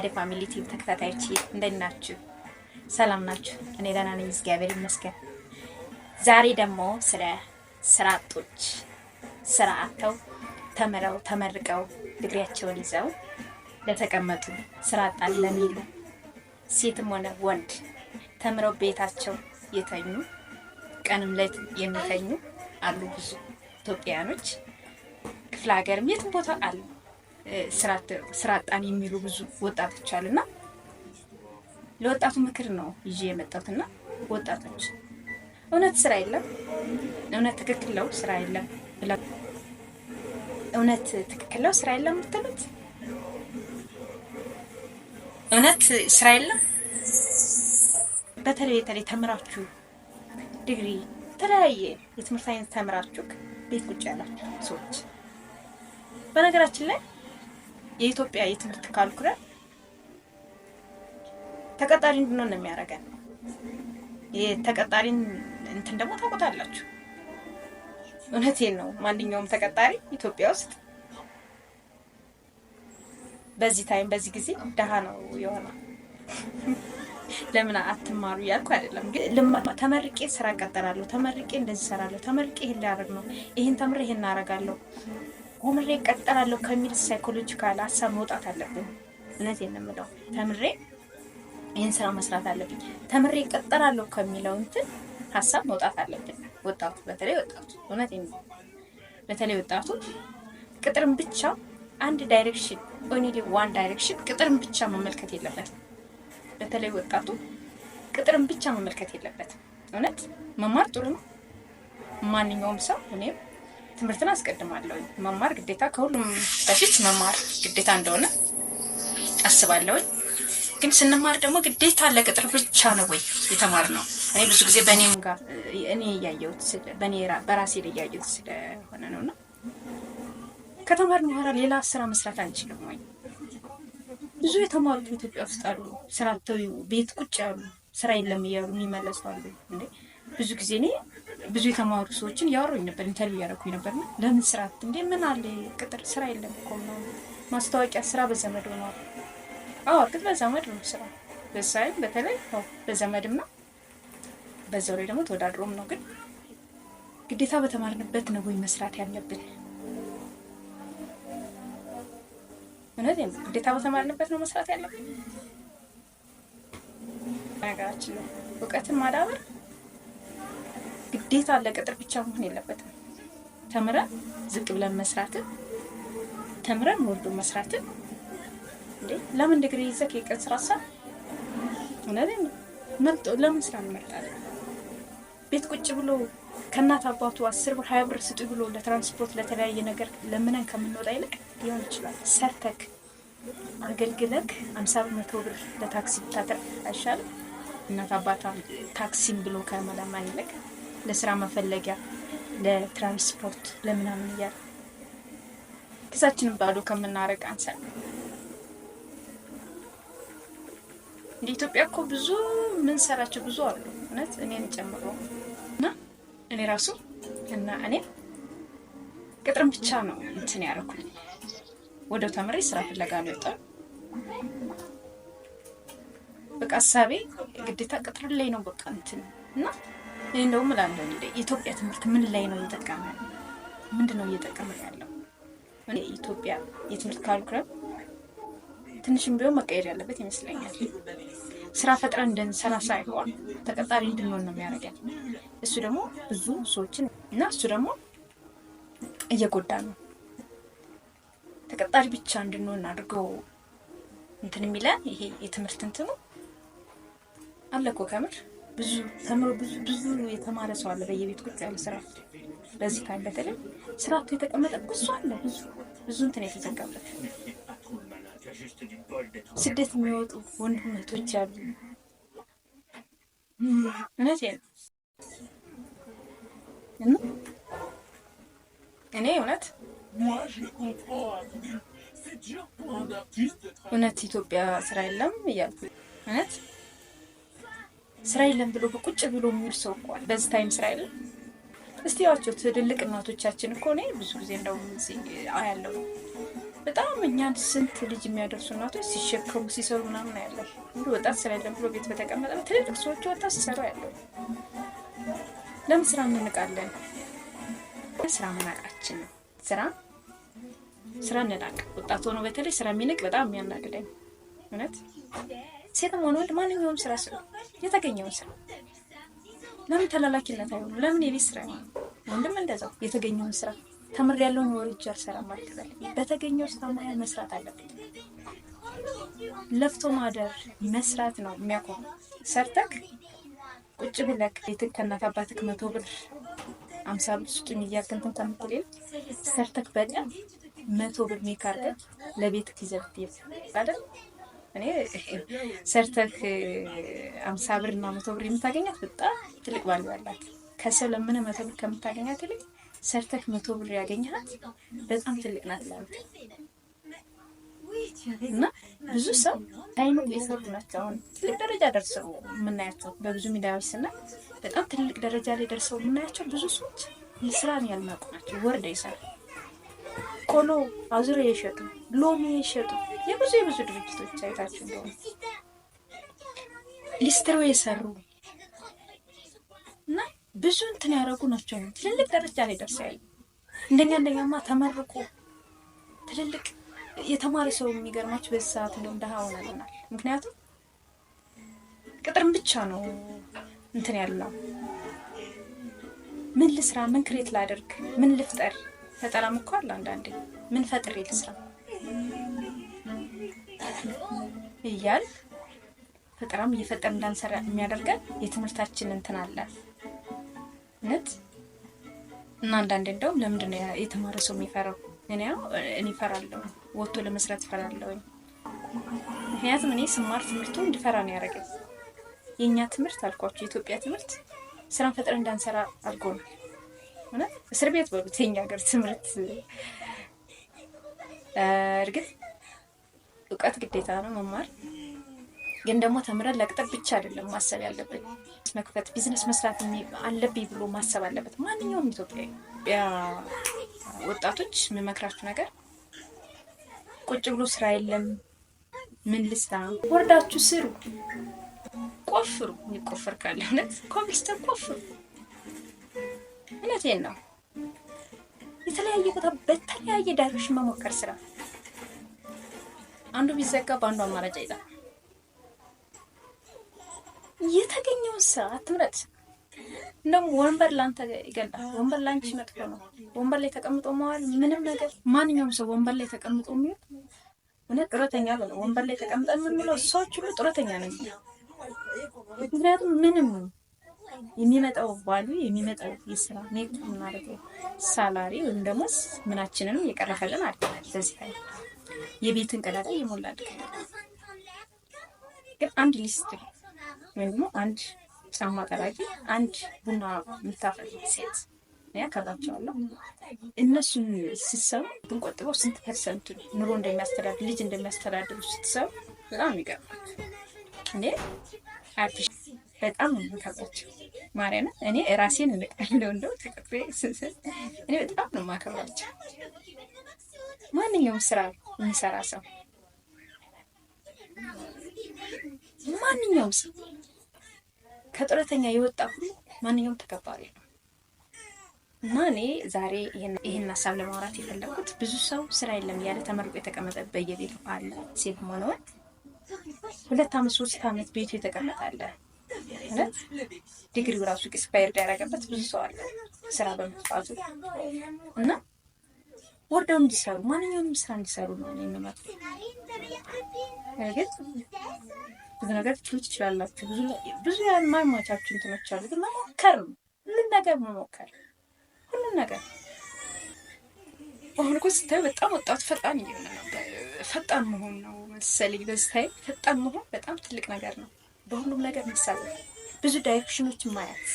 አደ ፋሚሊ ቲቪ ተከታታዮች እንደምን ናችሁ? ሰላም ናችሁ? እኔ ደህና ነኝ፣ እግዚአብሔር ይመስገን። ዛሬ ደግሞ ስለ ስራ አጦች ስራ አጥተው ተምረው ተመርቀው ድግሪያቸውን ይዘው ለተቀመጡ ስራ አጣን ለሚሉ ሴትም ሆነ ወንድ ተምረው ቤታቸው የተኙ ቀንም ሌት የሚተኙ አሉ ብዙ ኢትዮጵያኖች ክፍለ ሀገርም የትም ቦታ አሉ። ስራ አጣን የሚሉ ብዙ ወጣቶች እና ለወጣቱ ምክር ነው ይዤ የመጣሁትና ወጣቶች እውነት ስራ የለም፣ እውነት ትክክል ነው ስራ የለም፣ እውነት ትክክል ነው ስራ የለም የምትሉት እውነት ስራ የለም። በተለይ በተለይ ተምራችሁ ዲግሪ የተለያየ የትምህርት አይነት ተምራችሁ ቤት ውጭ ያላችሁ ሰዎች በነገራችን ላይ የኢትዮጵያ የትምህርት ካሪኩለም ተቀጣሪ እንድንሆን ነው የሚያደርገን። የተቀጣሪን እንትን ደግሞ ታውቁታላችሁ። እውነቴን ነው። ማንኛውም ተቀጣሪ ኢትዮጵያ ውስጥ በዚህ ታይም በዚህ ጊዜ ደሃ ነው የሆነ። ለምን አትማሩ እያልኩ አይደለም፣ ግን ተመርቄ ስራ እቀጠራለሁ፣ ተመርቄ እንደዚህ እሰራለሁ፣ ተመርቄ ይህን ላደርግ ነው፣ ይህን ተምሬ ይሄን አደርጋለሁ ተምሬ እቀጠራለሁ ከሚል ሳይኮሎጂካል ሀሳብ መውጣት አለብን። እውነት የምለው፣ ተምሬ ይህን ስራ መስራት አለብኝ፣ ተምሬ እቀጠራለሁ ከሚለው እንትን ሀሳብ መውጣት አለብን። ወጣቱ በተለይ ወጣቱ እውነት ነው፣ በተለይ ወጣቱ ቅጥርም ብቻ አንድ ዳይሬክሽን ኦንሊ ዋን ዳይሬክሽን ቅጥርም ብቻ መመልከት የለበትም። በተለይ ወጣቱ ቅጥርም ብቻ መመልከት የለበትም። እውነት መማር ጥሩ ነው። ማንኛውም ሰው እኔም ትምህርትን አስቀድማለሁ። መማር ግዴታ ከሁሉም በፊት መማር ግዴታ እንደሆነ አስባለሁኝ። ግን ስንማር ደግሞ ግዴታ ለቅጥር ብቻ ነው ወይ የተማር ነው? እኔ ብዙ ጊዜ በእኔም ጋር እኔ እያየሁት በራሴ ላይ እያየሁት ስለሆነ ነው። እና ከተማርን በኋላ ሌላ ስራ መስራት አንችልም ወይ? ብዙ የተማሩት በኢትዮጵያ ውስጥ አሉ፣ ስራ አጥተው ቤት ቁጭ ያሉ፣ ስራ የለም እያሉ የሚመለሱ አሉ። ብዙ ጊዜ እኔ ብዙ የተማሩ ሰዎችን ያወሩኝ ነበር፣ ኢንተርቪው ያደረኩኝ ነበር። ና ለምን ስራ እንዴ ምን አለ ቅጥር ስራ የለም እኮ ማስታወቂያ ስራ በዘመድ ሆኗል። አዎ እርግጥ በዘመድ ነው ስራ በሳይም በተለይ በዘመድም በዛው ላይ ደግሞ ተወዳድሮም ነው። ግን ግዴታ በተማርንበት ነው ወይ መስራት ያለብን? እውነት ግዴታ በተማርንበት ነው መስራት ያለብን? ነገራችን ነው እውቀትን ማዳበር ግዴታ አለ። ቅጥር ብቻ መሆን የለበትም። ተምረን ዝቅ ብለን መስራትን ተምረን ወርዶ መስራትን እንዴ ለምን ዲግሪ ይዘህ የቀን ስራ ሳ እውነትን መርጦ ለምን ስራ እንመርጣለን? ቤት ቁጭ ብሎ ከእናት አባቱ አስር ብር ሀያ ብር ስጡ ብሎ ለትራንስፖርት ለተለያየ ነገር ለምነን ከምንወጣ ይልቅ ሊሆን ይችላል ሰርተክ አገልግለክ አምሳ ብር መቶ ብር ለታክሲ ብታተርፍ አይሻልም? እናት አባቷ ታክሲም ብሎ ከመለማ ይልቅ ለስራ መፈለጊያ፣ ለትራንስፖርት፣ ለምናምን እያለ ክሳችንን ባዶ ከምናደርግ አንሰል ኢትዮጵያ እኮ ብዙ ምንሰራቸው ብዙ አሉ። እውነት እኔን ጨምሮ እና እኔ ራሱ እና እኔ ቅጥርን ብቻ ነው እንትን ያደረኩኝ። ወደ ተምሬ ስራ ፍለጋ ነው የወጣው። በቃ ሀሳቤ ግዴታ ቅጥር ላይ ነው በቃ እንትን እና እኔ እንደውም እላለሁ የኢትዮጵያ ትምህርት ምን ላይ ነው እየጠቀመ ምንድን ነው እየጠቀመ ያለው? የኢትዮጵያ የትምህርት ካሪኩለም ትንሽም ቢሆን መቀየር ያለበት ይመስለኛል። ስራ ፈጥረን እንድንሰራ ሳይሆን ተቀጣሪ እንድንሆን ነው የሚያደርገን። እሱ ደግሞ ብዙ ሰዎችን እና እሱ ደግሞ እየጎዳ ነው። ተቀጣሪ ብቻ እንድንሆን አድርገው እንትን የሚለን ይሄ የትምህርት እንትኑ አለ ከምር ብዙ ተምሮ ብዙ ብዙ የተማረ ሰው አለ፣ በየቤት ቁጭ ያለ ስራ በዚህ ካለ በተለይ ስራቱ የተቀመጠ ብዙ አለ፣ ብዙ ብዙ እንትን የተዘጋበት ስደት የሚወጡ ወንድም እህቶች አሉ። እውነት እና እኔ እውነት እውነት ኢትዮጵያ ስራ የለም እያልኩ እውነት ስራ የለም ብሎ በቁጭ ብሎ የሚውል ሰው እኮ አለ። በዚህ ታይም ስራ የለም። እስቲ ያቸው ትልልቅ እናቶቻችን እኮ እኔ ብዙ ጊዜ እንደውም ያለው ነው በጣም እኛን ስንት ልጅ የሚያደርሱ እናቶች ሲሸከሙ ሲሰሩ ምናምን ያለው እንዲ ወጣት ስራ የለም ብሎ ቤት በተቀመጠ ትልልቅ ሰዎች ወጣት ሲሰሩ ያለው ለምን ስራ እንንቃለን? ስራ መናቃችን ነው። ስራ ስራ እንናቅ። ወጣት ሆኖ በተለይ ስራ የሚንቅ በጣም የሚያናግደኝ እውነት ሴትም ሆነ ወንድ ማንኛውም ስራ ስሩ፣ የተገኘውን ስራ። ለምን ተላላኪነት አይሆኑ? ለምን የቤት ስራ አይሆኑ? ወንድም እንደዛው የተገኘውን ስራ ተምር ያለውን ወርጅ አልሰራም አትበል። በተገኘው ስራ መሀል መስራት አለበት። ለፍቶ ማደር መስራት ነው የሚያቆሙ። ሰርተክ ቁጭ ብለክ ቤትን ከእናት አባትክ መቶ ብር አምሳ ብር ስጡኝ እያልክ እንትን ከምትል ሰርተክ በቀን መቶ ብር ሜክ ለቤትክ ይዘብት ይባላል እኔ ሰርተህ አምሳ ብር እና መቶ ብር የምታገኛት በጣም ትልቅ ባሉ ያላት ከሰው ለምን መቶ ብር ከምታገኛት ይልቅ ሰርተህ መቶ ብር ያገኘሃት በጣም ትልቅ ናት ላሉት እና ብዙ ሰው አይኑ የሰሩ ናቸው። አሁን ትልቅ ደረጃ ደርሰው የምናያቸው በብዙ ሚዲያዎች ስናይ በጣም ትልቅ ደረጃ ላይ ደርሰው የምናያቸው ብዙ ሰዎች ስራን ያልናቁ ናቸው። ወርደ ይሰሩ ቆሎ አዙረው የሸጡ ሎሚ የሸጡ የብዙ የብዙ ድርጅቶች አይታችሁ እንደሆነ ሊስትሮ የሰሩ እና ብዙ እንትን ያደረጉ ናቸው። ትልልቅ ደረጃ ላይ ደርሰ ያለ እንደኛ እንደኛማ ተመርቆ ትልልቅ የተማረ ሰው የሚገርማችሁ በዚህ ሰዓት እንደውም ደሃ ሆነልናል። ምክንያቱም ቅጥርም ብቻ ነው እንትን ያለው ምን ልስራ፣ ምን ክሬት ላደርግ፣ ምን ልፍጠር። ፈጠራም እኮ አለ አንዳንዴ ምን ፈጥሬ ልስራ እያል ፈጠራም እየፈጠር እንዳንሰራ የሚያደርገን የትምህርታችን እንትን አለ ነት እና አንዳንዴ እንደውም ለምንድን ነው የተማረ ሰው የሚፈራው? እኔ ያው እኔ እፈራለሁ፣ ወጥቶ ለመስራት እፈራለሁ። ምክንያቱም እኔ ስማር ትምህርቱ እንድፈራ ነው ያደረገኝ። የእኛ ትምህርት አልኳቸው የኢትዮጵያ ትምህርት ስራን ፈጥረን እንዳንሰራ አድርጎናል። እውነት እስር ቤት በሉት የኛ ሀገር ትምህርት እርግጥ እውቀት ግዴታ ነው መማር ግን ደግሞ ተምረን ለቅጠር ብቻ አይደለም ማሰብ ያለብን። መክፈት ቢዝነስ መስራት አለብኝ ብሎ ማሰብ አለበት ማንኛውም ኢትዮጵያ። ወጣቶች የምመክራችሁ ነገር ቁጭ ብሎ ስራ የለም ምን ልስራ፣ ወርዳችሁ ስሩ፣ ቆፍሩ። የሚቆፈር ካለ እውነት ኮብልስተን ቆፍሩ። እውነቴን ነው። የተለያየ ቦታ በተለያየ ዳሮች መሞከር ስራ አንዱ ቢዘጋ በአንዱ አማራጭ አይጣል። የተገኘውን ስራ አትምረጥ። እንደውም ወንበር ላንተ ይገላል። ወንበር ላንቺ መጥፎ ነው። ወንበር ላይ ተቀምጦ መዋል ምንም ነገር ማንኛውም ሰው ወንበር ላይ ተቀምጦ የሚውል እውነት ጡረተኛ ነው። ወንበር ላይ ተቀምጠን የምንለው ሰዎች ሁሉ ጡረተኛ ነው። ምክንያቱም ምንም የሚመጣው ባሉ የሚመጣው የስራ ሜት ምናደርገው ሳላሪ ወይም ደግሞ ምናችንንም የቀረፈልን አድርገናል በዚህ የቤትን ቀዳዳ የሞላ ግን አንድ ሊስት ወይም ደግሞ አንድ ጫማ ጠራቂ አንድ ቡና የምታፈል ሴት ያከብራቸዋለሁ። እነሱን ስትሰሩ ብንቆጥበው ስንት ፐርሰንት ኑሮ እንደሚያስተዳድር ልጅ እንደሚያስተዳድሩ ስትሰሩ በጣም ይገርማል። እኔ አዲስ በጣም የምከብራቸው ማርያምን እኔ ራሴን እንቃለው እንደው ተቀቤ እኔ በጣም ነው የማከብራቸው። ማንኛውም ስራ የሚሰራ ሰው ማንኛውም ሰው ከጡረተኛ የወጣ ሁሉ ማንኛውም ተከባሪ ነው እና እኔ ዛሬ ይህን ሀሳብ ለማውራት የፈለግኩት ብዙ ሰው ስራ የለም እያለ ተመርቆ የተቀመጠ በየቤቱ አለ። ሴት መሆነውን ሁለት አመት ሶስት አመት ቤቱ የተቀመጠ አለ። እውነት ዲግሪው ራሱ ኤክስፓየርድ ያደረገበት ብዙ ሰው አለ ስራ በመጥፋቱ እና ወርደው እንዲሰሩ ማንኛውም ስራ እንዲሰሩ ነው እኔ የምመክረው። ግን ብዙ ነገር ትችሉ ትችላላችሁ። ብዙ ማማቻችሁ እንትኖች አሉ፣ ግን መሞከር ነው ሁሉን ነገር መሞከር ሁሉን ነገር። አሁን እኮ ስታዩ በጣም ወጣቱ ፈጣን እየሆነ ነበር። ፈጣን መሆን ነው መሰለኝ በስታይ ፈጣን መሆን በጣም ትልቅ ነገር ነው። በሁሉም ነገር መሳለፍ፣ ብዙ ዳይሬክሽኖችን ማየት፣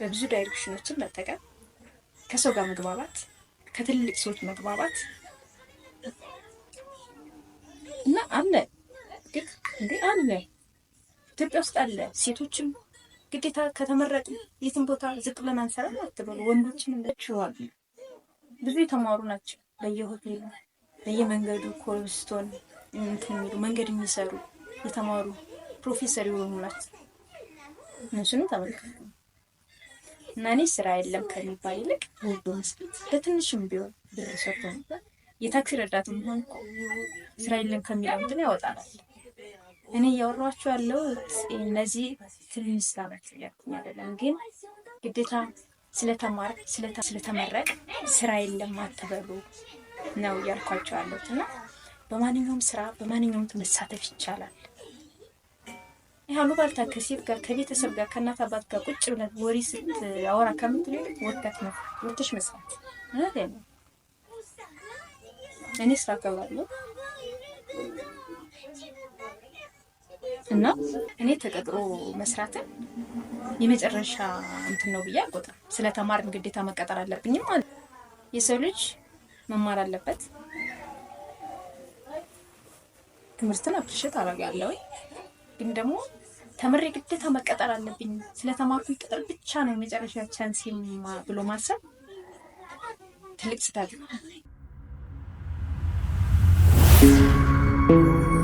በብዙ ዳይሬክሽኖችን መጠቀም፣ ከሰው ጋር መግባባት ከትልልቅ ሰዎች መግባባት እና አለ ግን እንዴ አለ ኢትዮጵያ ውስጥ አለ። ሴቶችም ግዴታ ከተመረጡ የትም ቦታ ዝቅ ብለን አንሰራም አትበሉ። ወንዶችም እንደችዋል ብዙ የተማሩ ናቸው። በየሆቴሉ በየመንገዱ ኮብልስቶን እንትን የሚሉ መንገድ የሚሰሩ የተማሩ ፕሮፌሰር የሆኑ ናቸው። እነሱንም ተመልከቱ። እና እኔ ስራ የለም ከሚባል ይልቅ ለትንሽም ቢሆን ብር የታክሲ ረዳት መሆን ስራ የለም ከሚለው እንትን ያወጣናል። እኔ እያወራኋቸው ያለው እነዚህ ትንሽ ስራ ያልኩኝ አይደለም፣ ግን ግዴታ ስለተማር ስለተመረቅ ስራ የለም አትበሉ ነው እያልኳቸው ያለሁት እና በማንኛውም ስራ በማንኛውም መሳተፍ ይቻላል። ያሉ ባልታ ከሴት ጋር ከቤተሰብ ጋር ከእናት አባት ጋር ቁጭ ብለን ወሬ ስታወራ ከምትል ወርከት ነው ወርተሽ መስራት እውነት ያለ እኔ ስራ ገባለሁ እና እኔ ተቀጥሮ መስራትን የመጨረሻ እንትን ነው ብዬ አልቆጥርም። ስለ ተማርን ግዴታ መቀጠር አለብኝም ማለት የሰው ልጅ መማር አለበት። ትምህርትን አፕሪሼት አደርጋለሁ። ግን ደግሞ ተምሬ ግዴታ መቀጠር አለብኝ ስለተማርኩ ቅጥር ብቻ ነው የመጨረሻ ቻንስ ብሎ ማሰብ ትልቅ ስህተት ነው።